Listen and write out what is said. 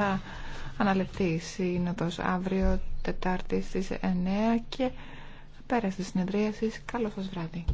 θα αναλευθεί η σύνοδος αύριο Τετάρτη στις 9 και πέρα της συνεδρίαση. Καλό σας βράδυ.